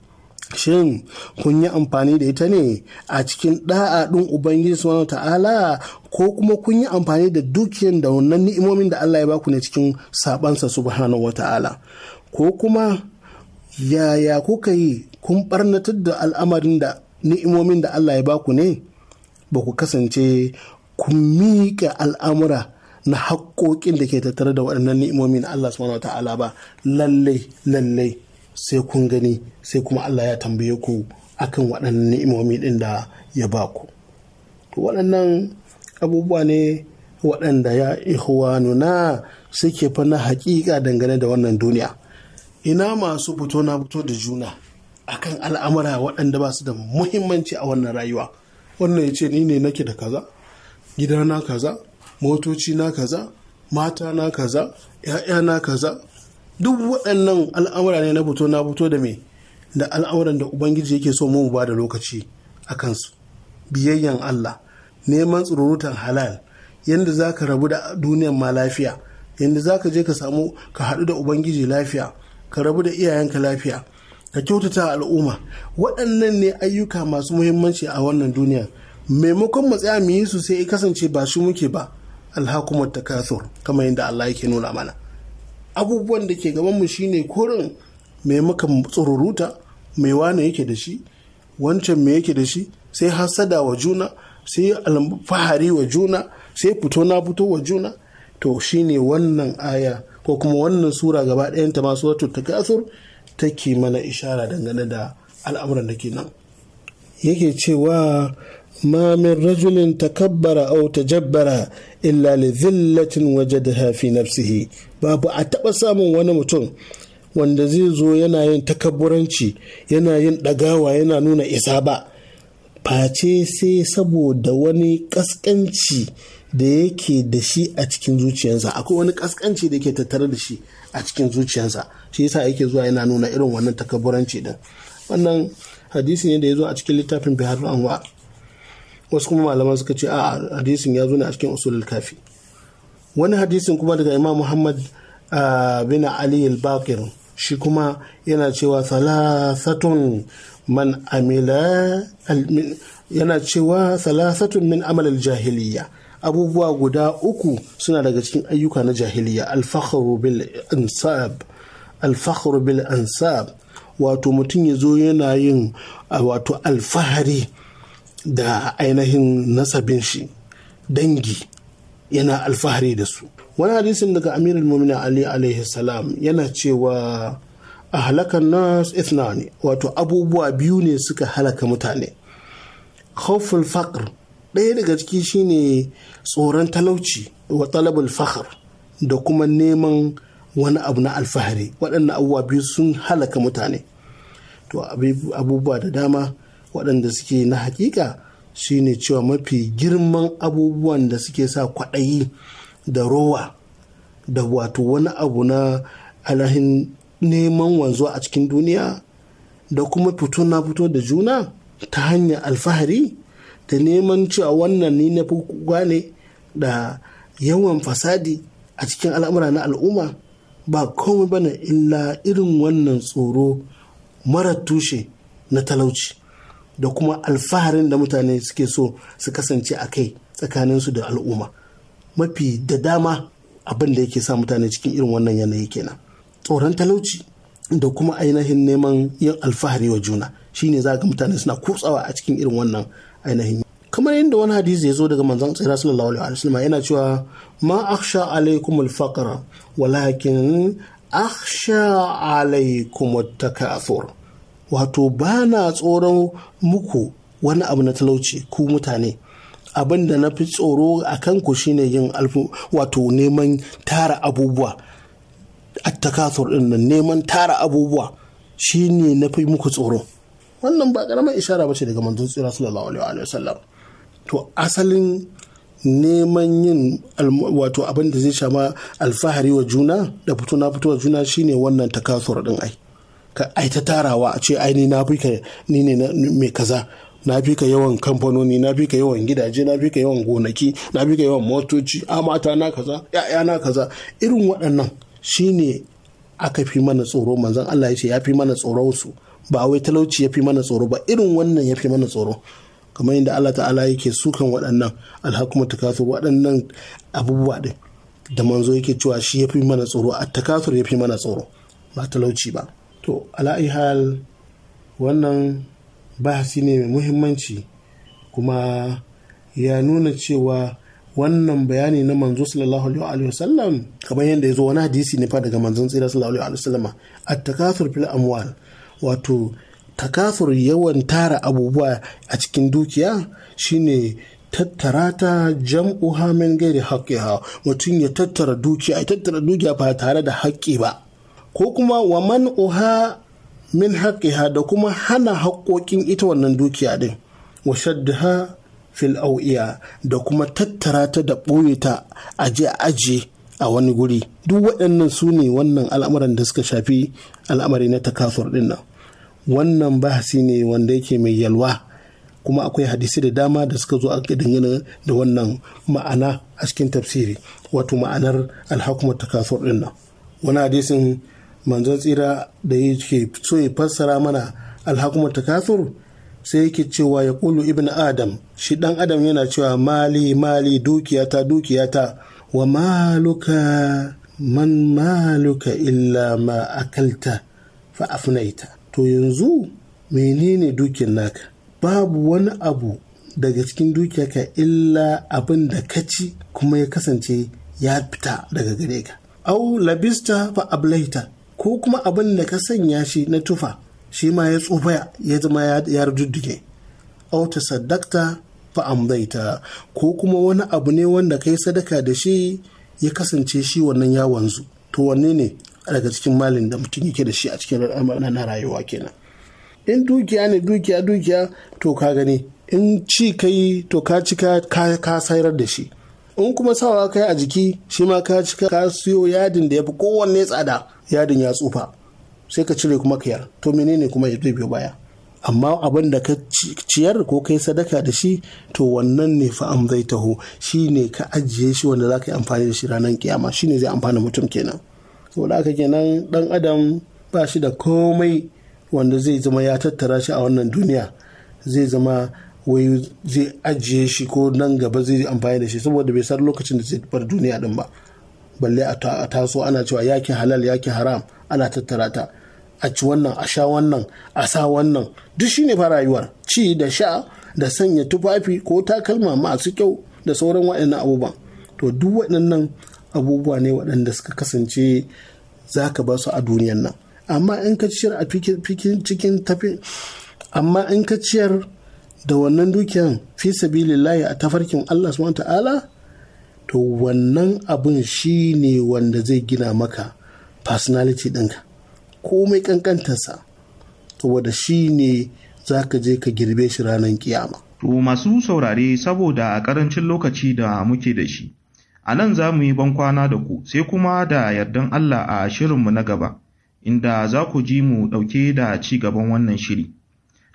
[SPEAKER 12] shin kun yi amfani da ita ne a cikin ɗa'a ɗin ubangiji subhanahu ta'ala ko kuma kun yi amfani da dukiyar da wannan ni'imomin da Allah ya baku ne cikin sabansa subhanahu wa ta'ala ko kuma yaya kuka yi kun ɓarnatar da al'amarin da ni'imomin da Allah ya baku ne ba ku kasance kun miƙa al'amura na haƙoƙin da ke tattare da waɗannan ni'imomi na Allah subhanahu ta'ala ba lallai lallai sai kun gani sai kuma Allah ya tambaye ku akan waɗannan ni'imomi ɗin da ya ba ku waɗannan abubuwa ne waɗanda ya ihwanuna suke fa na haƙiƙa dangane da wannan duniya ina masu fito na fito da juna akan al'amura waɗanda ba su da muhimmanci a wannan rayuwa wannan ya ce ni ne nake da kaza gidana kaza motoci na kaza mata na kaza ‘ya'ya na kaza duk waɗannan al'amura ne na fito na fito da me da al'amuran da ubangiji yake so mu ba da lokaci a kansu biyayyan Allah neman tsururutan halal yadda za ka rabu da duniyan ma lafiya yadda za ka je ka samu ka haɗu da ubangiji lafiya ka rabu da iyayenka lafiya ka kyautata al'umma waɗannan ne ayyuka masu muhimmanci a wannan duniya maimakon mu tsaya mu yi su sai kasance ba shi muke ba alhakumar takasur kamar yadda Allah yake nuna mana abubuwan da ke gaban gabanmu shine korin mai muka tsururuta mai wane yake da shi wancan me yake da shi sai hasada wa juna sai alfahari wa juna sai fito na fito wa juna to shine wannan aya ko kuma wannan sura gaba ɗayanta ma suratul takasur take mana ishara dangane da al'amuran da ke nan yake cewa ما من رجل تكبر أو تجبر إلا لذلة وجدها في نفسه babu a taɓa samun wani mutum wanda zai zo yana yin takabburanci yana yin ɗagawa yana nuna isa ba face sai saboda wani ƙasƙanci da yake da shi a cikin zuciyarsa akwai wani ƙasƙanci da yake tattare da shi a cikin zuciyarsa shi yasa yake zuwa yana nuna irin wannan takabburanci din wannan hadisi ne da ya zo a cikin littafin biharin anwa wasu kuma malaman suka ce a hadisin ya zo ne a cikin usulul kafi wani hadisin kuma daga imam muhammad ah, bin ali al-baqir shi kuma yana cewa salasatun man amila yana cewa salasatun min amal al-jahiliya abubuwa guda uku suna daga cikin ayyuka na jahiliya al bil ansab al bil ansab wato mutum ya zo yana yin ah, wato alfahari da ainihin nasabin shi dangi yana alfahari da su wani hadisin daga amirul mumina ali alaihi salam yana cewa a halakar nas ne wato abubuwa biyu ne suka halaka mutane khawful faqr ɗaya daga ciki shine tsoron talauci wa talabul fakhr da kuma neman wani abu na alfahari waɗannan abubuwa biyu sun halaka mutane to abubuwa da dama waɗanda suke na hakika shine cewa mafi girman abubuwan da suke sa kwaɗayi da rowa da wato wani abu na alahin neman wanzuwa a cikin duniya da kuma fito na fito da juna ta hanyar alfahari da neman cewa wannan ni na fi ne da yawan fasadi a cikin al'amura na al'umma ba komai bane illa irin wannan tsoro mara tushe na talauci da kuma alfaharin da mutane suke so su kasance a kai tsakaninsu da al'umma mafi da dama abin da yake sa mutane cikin irin wannan yanayi kenan tsoron talauci da kuma ainihin neman yin alfahari wa juna shine za ga mutane suna kutsawa a cikin irin wannan ainihin kamar yadda wani hadisi ya zo daga manzon tsira sallallahu alaihi wasallam yana cewa ma akhsha alaikum faqra walakin akhsha alaikum at-takathur wato ba na tsoron muku wani abu na talauci ku mutane abin da na fi tsoro a kanku shine yin alfu wato neman tara abubuwa attakathur din nan neman tara abubuwa shine na fi muku tsoro wannan ba karamar ishara ba ce daga manzon tsira sallallahu alaihi wa sallam to asalin neman yin wato abin da zai shama alfahari wa juna da fito na juna shine wannan takasar din ai ka ai ta tarawa a ce ai ni na fi ka ni ne mai kaza na fi ka yawan kamfanoni na fi ka yawan gidaje na fi ka yawan gonaki na fi ka yawan motoci mata na kaza ya na kaza irin waɗannan shine aka fi mana tsoro manzon Allah ya ce ya fi mana tsoro su ba wai talauci ya fi mana tsoro ba irin wannan ya fi mana tsoro kamar yadda Allah ta'ala yake sukan waɗannan alhakuma takasur waɗannan abubuwa din da manzo yake cewa shi ya fi mana tsoro a takasur ya fi mana tsoro ba talauci ba to ala'ihal wannan bahasi ne mai muhimmanci kuma ya nuna cewa wannan bayani na manzo sallallahu alaihi sallam kamar yadda ya zo wani hadisi ne fa daga manzo sallallahu alaihi sallama. at-takathur fil amwal wato takathur yawan tara abubuwa a cikin dukiya shine tattara ta jam'u min gairi haqqiha mutum ya tattara dukiya ya tattara dukiya ba tare da haƙƙi ba ko kuma wa man uha min haƙiha da kuma hana haƙoƙin ita wannan dukiya din wa shaddaha fil au'iya da kuma tattara ta da ɓoye ta a je a aje a wani guri duk waɗannan su ne wannan al'amuran da suka shafi al'amari na takasur ɗin nan wannan bahasi ne wanda yake mai yalwa kuma akwai hadisi da dama da suka zo a dangane da wannan ma'ana a cikin tafsiri wato ma'anar alhakumar takasur ɗin nan wani hadisin manzon tsira da yake so ya fassara mana alhakumar takathur sai yake cewa ya kulu ibn adam shi dan adam yana cewa mali mali dukiyata dukiyata wa maluka man maluka illa ma akalta fa afnaita to yanzu menene dukin naka babu wani abu daga cikin dukiyarka illa abin da ka ci kuma ya kasance ya fita daga gare ka au labista fa ablaita ko kuma abin da ka sanya shi na tufa shi ma ya tsufa ya zama ya rujudduke au ta saddakta fa amdaita ko kuma wani abu ne wanda kai sadaka da shi ya kasance shi wannan ya wanzu to wanne ne daga cikin malin da mutum yake da shi a cikin na rayuwa kenan in dukiya ne dukiya dukiya to ka gani in ci kai to ka ci ka sayar da shi in kuma sawa kai a jiki shi ma ka ci ka siyo yadin da ya fi kowanne tsada yadin ya tsufa sai ka cire kuma kayar to menene kuma ya biyo baya amma abin da ka ciyar ko kai sadaka da shi to wannan ne fa an zai taho shi ne ka ajiye shi wanda za ka yi amfani da shi ranar kiyama shi ne zai amfani mutum kenan saboda haka kenan dan adam ba shi da komai wanda zai zama ya tattara shi a wannan duniya zai zama wai zai ajiye shi ko nan gaba zai amfani da shi saboda bai san lokacin da zai bar duniya din ba balle a taso ana cewa yakin halal yakin haram ana tattara ta a ci wannan a sha wannan a sa wannan duk shine fa rayuwar ci da sha da sanya tufafi ko takalma masu kyau da sauran waɗannan abubuwan to duk waɗannan abubuwa ne waɗanda suka kasance za ka ba su a duniyan nan amma in ka ciyar a fikin cikin tafi amma in ka ciyar da wannan dukiyan fi sabilillahi a tafarkin Allah subhanahu ta'ala to wannan abin shi ne wanda zai gina maka personality ɗinka komai ƙanƙantarsa saboda shi ne za ka je ka girbe shi ranar kiyama.
[SPEAKER 11] To masu saurare saboda a ƙarancin lokaci da muke da shi, a nan za mu yi bankwana da ku sai kuma da yardan Allah a shirinmu na gaba, inda za ku ji mu ɗauke da ci gaban wannan shiri.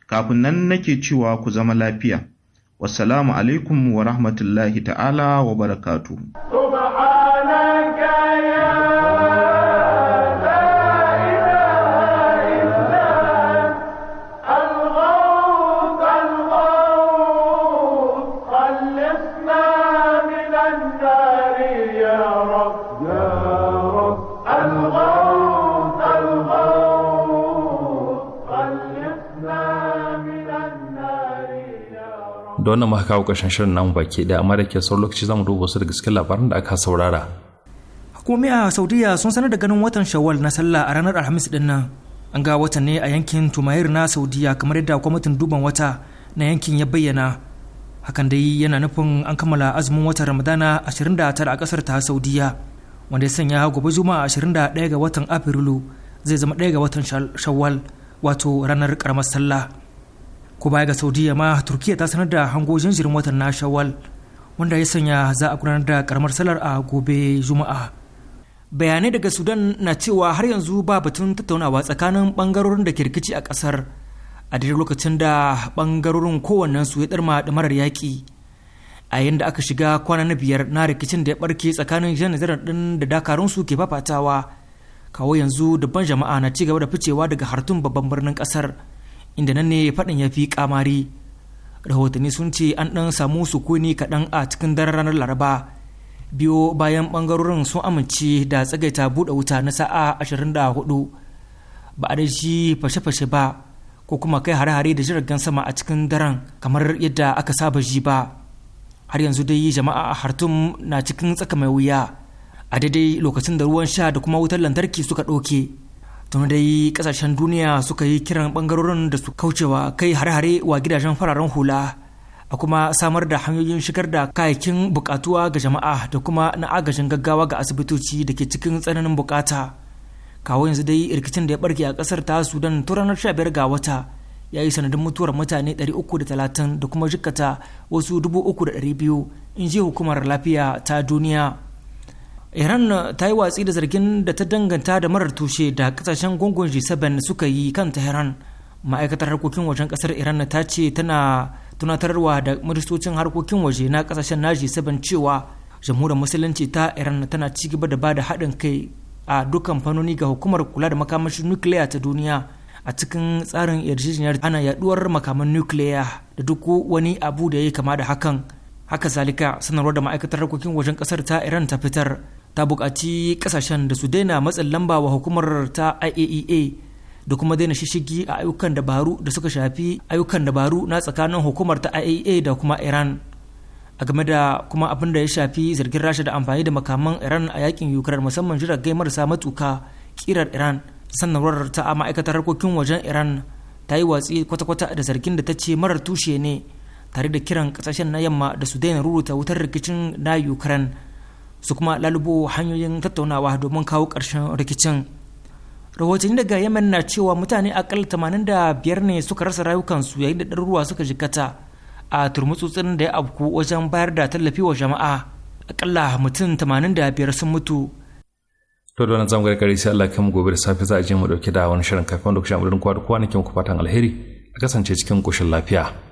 [SPEAKER 11] Kafin nan nake cewa ku zama lafiya. Wasalamu alaikum wa rahmatullahi ta'ala wa barakatuhu.
[SPEAKER 1] da wannan muka kawo ƙarshen shirin namu baki da amma da ke sauran lokaci zamu duba su daga cikin labaran da aka saurara
[SPEAKER 3] hukumomi a saudiya sun sanar da ganin watan shawwal na sallah a ranar alhamis din nan an ga watan ne a yankin tumayir na saudiya kamar yadda kwamitin duban wata na yankin ya bayyana hakan dai yana nufin an kammala azumin watan ramadana 29 a kasar ta saudiyya wanda ya sanya gobe juma'a 21 ga watan afrilu zai zama ɗaya ga watan shawwal wato ranar karamar sallah ko baya ga saudiya ma turkiya ta sanar da hango jinjirin watan na shawal wanda ya sanya za a gudanar da karamar salar a gobe juma'a bayanai daga sudan na cewa har yanzu ba batun tattaunawa tsakanin bangarorin da ke rikici a kasar a daidai lokacin da bangarorin kowannen su ya darma da marar yaƙi a yayin da aka shiga kwana na biyar na rikicin da ya barke tsakanin janar din da dakarun su ke fafatawa kawo yanzu dubban jama'a na ci gaba da ficewa daga hartun babban birnin kasar inda nan ne faɗin ya fi kamari rahotanni sun ce an ɗan samu sukuni kaɗan a cikin daren ranar laraba biyo bayan ɓangarorin sun amince da tsagaita buɗe wuta na sa'a 24 ba a da shi fashe-fashe ba ko kuma kai hare-hare da jiragen sama a cikin daren kamar yadda aka saba ji ba har yanzu dai jama'a a hartum na cikin tsaka mai wuya a daidai lokacin da ruwan sha da kuma wutar lantarki suka ɗauke tun dai kasashen duniya suka yi kiran bangarorin da su kaucewa kai hare-hare wa gidajen fararen hula a kuma samar da hanyoyin shigar da kayakin bukatuwa ga jama'a da kuma na agajin gaggawa ga asibitoci da ke cikin tsananin bukata kawo yanzu dai rikicin da ya barke a kasar ta sudan tun ranar 15 ga wata ya yi sanadin mutuwar mutane 330 da kuma jikkata wasu 3,200 in ji hukumar lafiya ta duniya iran ta yi watsi da zargin da ta danganta da marar tushe da kasashen gungun g7 suka yi kan tehran ma'aikatar harkokin wajen kasar iran ta ce tana tunatarwa da ministocin harkokin waje na kasashen na g7 cewa jamhuriyar musulunci ta iran tana ci gaba da bada haɗin kai a dukkan fannoni ga hukumar kula da makamashin nukiliya ta duniya a cikin tsarin yarjejeniyar ana yaduwar makaman nukiliya da duk wani abu da ya kama da hakan haka zalika sanarwar da ma'aikatar harkokin wajen kasar ta iran ta fitar ta bukaci kasashen da su daina matsin lamba wa hukumar ta iaea e da kuma daina shishigi a ayyukan dabaru da suka shafi ayyukan dabaru na tsakanin hukumar ta iaea e da kuma iran a game da kuma abin da ya shafi zargin rasha da amfani da makaman iran a yakin ukraine musamman jiragen marasa matuka kirar iran sanarwar ta a ma'aikatar harkokin wajen iran ta yi watsi kwata-kwata da zargin da ta ce marar tushe ne tare da kiran kasashen na yamma da su daina rubuta wutar rikicin na ukraine su kuma lalubo hanyoyin tattaunawa domin kawo ƙarshen rikicin rahotanni daga yemen na cewa mutane akalla tamanin da biyar ne suka rasa rayukansu yayin da ɗaruruwa suka jikata a turmutsutsin da ya afku wajen bayar da tallafi wa jama'a akalla mutum tamanin da biyar sun mutu
[SPEAKER 1] to da wannan zamu gargare sai Allah kan gobe da safe za a je mu dauke da wani shirin kafin lokacin amurin kwa da kwanakin ku fatan alheri a kasance cikin koshin
[SPEAKER 6] lafiya